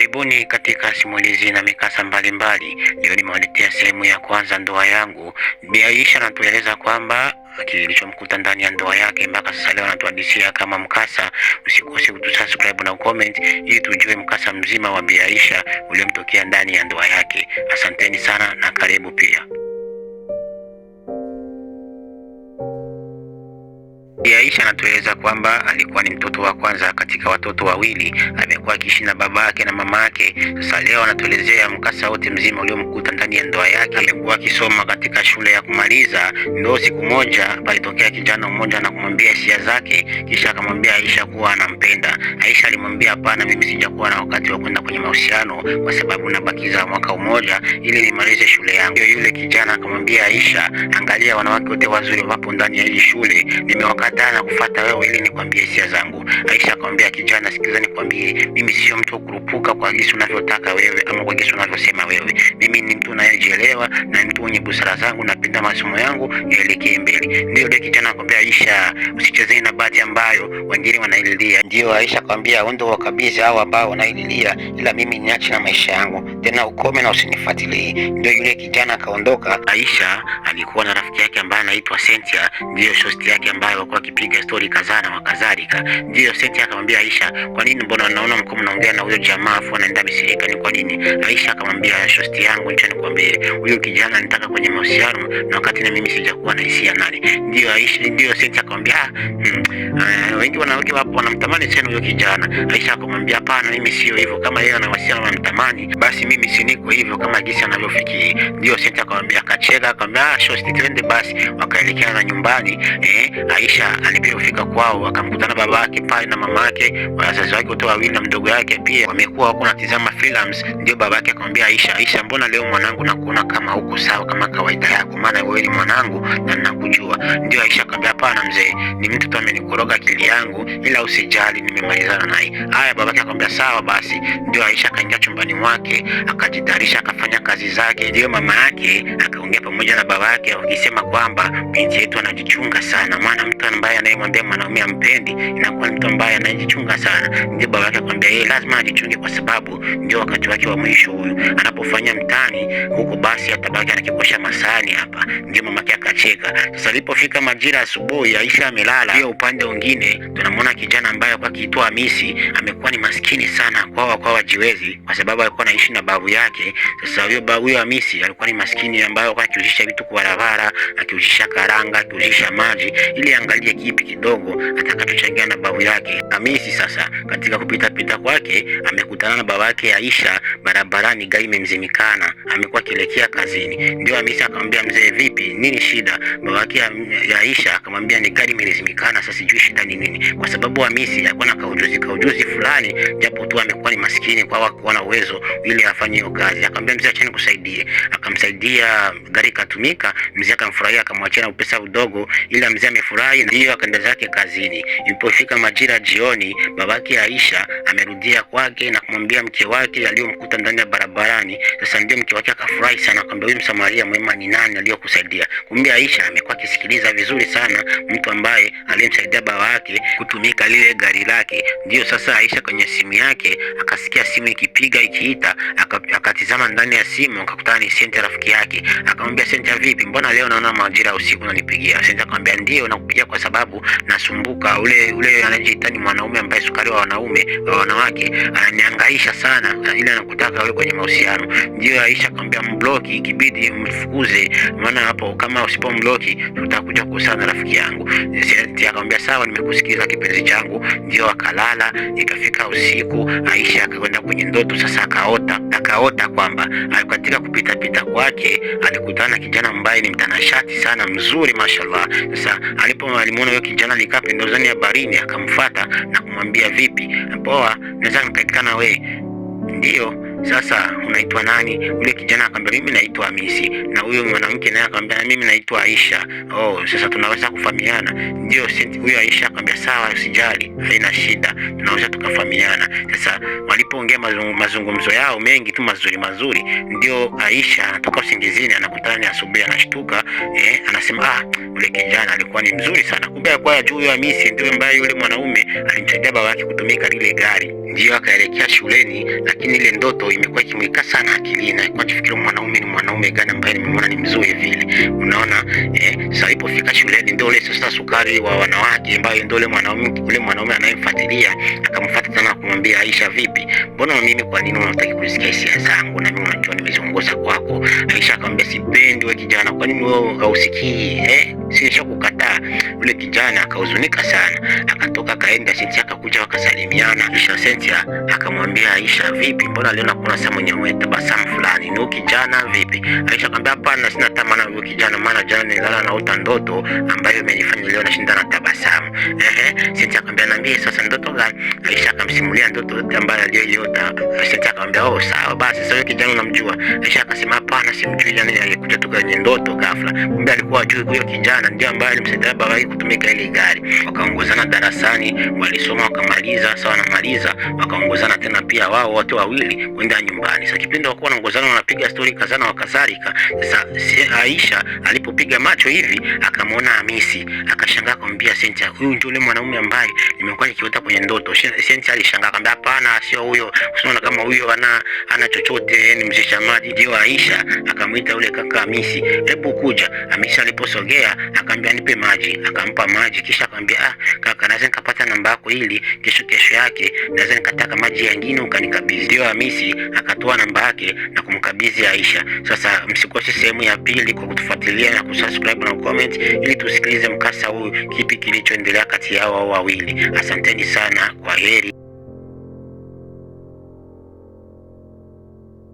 Karibuni katika simulizi na mikasa mbalimbali. Leo nimewaletea sehemu ya kwanza, ndoa yangu. Bi Aisha anatueleza kwamba kilichomkuta ndani ya ndoa yake mpaka sasa leo anatuhadisia kama mkasa. Usikose kutusubscribe na comment ili tujue mkasa mzima wa Bi Aisha uliomtokea ndani ya ndoa yake. Asanteni sana na karibu pia. Bi Aisha anatueleza kwamba alikuwa ni mtoto wa kwanza katika watoto wawili, amekuwa akiishi na baba yake na mama yake. Sasa leo anatuelezea mkasa wote mzima uliomkuta ndani ya ndoa yake. Alikuwa akisoma katika shule ya kumaliza, ndio siku moja palitokea kijana mmoja na kumwambia hisia zake, kisha akamwambia Aisha kuwa anampenda. Aisha alimwambia hapana, mimi sijakuwa na wakati wa kwenda kwenye mahusiano kwa sababu nabakiza mwaka mmoja ili nimalize shule yangu. Yule kijana akamwambia Aisha, angalia wanawake wote wazuri wapo ndani ya hii shule, nimewaka nikataa na kufuata wewe ili nikwambie hisia zangu. Aisha akamwambia kijana, sikiliza nikwambie, mimi sio mtu kurupuka kwa jinsi unavyotaka wewe ama kwa jinsi unavyosema wewe. Mimi ni mtu nayejielewa na mtu mwenye busara zangu, napenda masomo yangu yaelekee mbele. Ndio ile kijana akamwambia Aisha, usichezee na bahati ambayo wengine wanaililia. Ndio Aisha akamwambia, ondoa kabisa hao ambao wanaililia, ila mimi niache na maisha yangu, tena ukome na usinifuatilie. Ndio yule kijana akaondoka. Aisha alikuwa na rafiki yake ambaye anaitwa Sentia, ndio shosti yake ambayo alikuwa wakipiga stori kadhaa na kadhalika. Ndio Joseph akamwambia Aisha, kwa nini mbona naona mko mnaongea na huyo jamaa afu anaenda misirika ni kwa nini? Aisha akamwambia, shosti yangu, acha nikwambie, huyo kijana nitaka kwenye mahusiano na wakati na mimi sijakuwa na hisia nani. Ndio Aisha, ndio Joseph akamwambia, ah, hmm, eh, wengi wanawake wapo wanamtamani sana huyo kijana. Aisha akamwambia, hapana, mimi sio hivyo, kama yeye anawasiliana anamtamani, basi mimi si niko hivyo kama jinsi anavyofikiri. Ndio Joseph akamwambia, akacheka akamwambia, ah, shosti, twende basi. Wakaelekea na nyumbani, eh, Aisha alipofika kwao akamkutana baba yake pale na mama mamake, wazazi wake wote wawili na mdogo yake pia wamekuwa wako natizama films. Ndio baba yake akamwambia Aisha, Aisha, mbona leo mwanangu nakuona kama huko sawa kama kawaida yako, maana wewe ni mwanangu na nakujua. Ndio Aisha akamwambia hapana mzee, ni mtu tu amenikoroga akili yangu, ila usijali, nimemalizana naye. Haya, babake akamwambia sawa basi. Ndio Aisha akaingia chumbani mwake akajitarisha akafanya kazi zake. Ndio mama yake akaongea pamoja na baba yake wakisema kwamba binti yetu anajichunga sana, maana mtu ambaye anayemwambia mwanaume ampendi inakuwa mtu ambaye anajichunga sana. Ndio baba yake akamwambia yeye lazima ajichunge, kwa sababu ndio wakati wake wa mwisho huyu, anapofanya mtani huko, basi atabaki anakikosha masani hapa. Ndio mama yake anacheka. Sasa alipofika majira asubuhi, Aisha amelala. Pia upande mwingine tunamwona kijana ambaye kwa akiitwa Hamisi, amekuwa ni maskini sana kwa wa kwa wajiwezi, kwa sababu alikuwa anaishi na babu yake. Sasa huyo babu huyo Hamisi alikuwa ni maskini ambaye kwa akiuzisha vitu kwa barabara, akiuzisha karanga, akiuzisha maji, ili angalie kipi kidogo atakachochangia na babu yake. Hamisi sasa katika kupita pita kwake amekutana na baba yake Aisha barabarani, gari imemzimikana, amekuwa akielekea kazini. Ndio Hamisi akamwambia, mzee, vipi, nini shida? Aisha, baba yake ya Aisha akamwambia ni gari imelizimikana, sasa sijui shida ni nini, kwa sababu Hamisi alikuwa na kaujuzi kaujuzi fulani, japo tu amekuwa ni maskini kwa hakuwa na uwezo ili afanye hiyo kazi. Akamwambia mzee, acha nikusaidie, akamsaidia gari katumika, Mzee akamfurahia, akamwachia na pesa udogo, ila mzee amefurahi, na hiyo, akaenda zake kazini. Ilipofika majira jioni, babake Aisha amerudia kwake na kumwambia mke wake aliyomkuta ndani ya barabarani. Sasa ndio mke wake akafurahi sana, akamwambia huyu Msamaria mwema ni nani aliyokusaidia? 我们俩一下面。kumsikiliza vizuri sana mtu ambaye alimsaidia baba yake kutumika lile gari lake. Ndiyo sasa Aisha kwenye simu yake akasikia simu ikipiga ikiita, akatizama ndani ya simu akakutana ni Senta rafiki yake. Akamwambia Senta, vipi, mbona leo naona majira usiku unanipigia? Senta akamwambia ndio, nakupigia kwa sababu nasumbuka, ule ule anajiita ni mwanaume ambaye sukari wa wanaume wa wanawake ananihangaisha sana, ile anakutaka wewe kwenye mahusiano. Ndio Aisha akamwambia mbloki, ikibidi mfukuze, maana hapo kama usipomloki mtakuja kukusana rafiki yangu. Akamwambia sawa, nimekusikiliza kipenzi changu. Ndio akalala. Ikafika usiku, Aisha akaenda kwenye ndoto sasa, akaota akaota kwamba katika kupita pita kwake alikutana na kijana ambaye ni mtanashati sana mzuri, mashallah. Sasa alipo alimuona yule kijana alikaa pembezoni ya barini, akamfuata na kumwambia vipi, poa, naweza nikaikana wewe? Ndio sasa unaitwa nani? Yule kijana akamwambia mimi naitwa Hamisi, na huyo mwanamke naye akamwambia mimi naitwa Aisha. Oh, sasa tunaweza kufahamiana? Ndio, huyo Aisha akamwambia sawa, usijali, haina shida, tunaweza tukafahamiana. Sasa walipoongea mazungu, mazungumzo yao mengi tu mazuri mazuri, ndio Aisha anatoka usingizini, anakutana na asubuhi, anashtuka eh, anasema ah, yule kijana alikuwa ni mzuri sana, kumbe alikuwa juu ya Hamisi ndio mbaya yule mwanaume alimsaidia baba yake kutumika lile gari ndiyo akaelekea shuleni, lakini ile ndoto imekuwa ikimwika sana akilini, kwa akifikiri mwanaume ni mwanaume gani ambaye nimemwona ni mzuri vile, unaona eh. Sasa ilipofika shuleni, ndio ile sasa sukari wa wanawake, ambaye ndio ile mwanaume ule mwanaume anayemfuatilia akamfuata sana, kumwambia Aisha, vipi, mbona mimi, kwa nini unataka kusikia hisia zangu na mimi unajua nimezunguza kwako? Aisha akamwambia, sipendi wewe kijana, kwa nini wewe hausikii eh, sio kadhaa. Yule kijana akahuzunika sana, akatoka akaenda Sentia, akakuja wakasalimiana, kisha Sentia akamwambia Aisha, vipi, mbona leo kuna saa mwenye mwenye tabasamu fulani, ni kijana vipi? Aisha akamwambia hapana, sina tamana huyu kijana, maana jana nilala naota ndoto ambayo imenifanya leo nashinda na tabasamu. Ehe, Sentia akamwambia niambie sasa ndoto gani? Aisha akamsimulia ndoto yote ambayo aliyoiota. Sentia akamwambia oh, sawa basi, sasa kijana unamjua? Aisha akasema hapana, simjui, yani alikuja tu kwenye ndoto ghafla, kumbe alikuwa ajui huyo kijana ndio ambaye Sekaya bawai kutumika ile gari, wakaongozana darasani, walisoma wakamaliza. Sawa, wanamaliza wakaongozana tena pia wao wote wawili kwenda nyumbani. Sasa kipindi wakuwa wanaongozana, wanapiga stori kazana wakazalika. Sasa Aisha alipopiga macho hivi akamwona Hamisi, akashangaa kumwambia Senti, huyu ndio yule mwanaume ambaye nimekuwa nikiota kwenye ndoto. Senti alishangaa akamwambia, hapana, sio huyo, usiona kama huyo ana ana chochote, ni mzishamaji. Ndio Aisha akamwita yule kaka Hamisi, hebu kuja. Hamisi aliposogea akamwambia nipe maji, akampa maji, kisha akamwambia ah, kaka, naweza nikapata namba yako ili kesho kesho yake naweza nikataka maji yangine ukanikabidhi. Ndio Hamisi akatoa namba yake na kumkabidhi Aisha. Sasa msikose sehemu ya pili kwa kutufuatilia na kusubscribe na comment, ili tusikilize mkasa huu, kipi kilichoendelea kati yao wawili. Asanteni sana, kwa heri.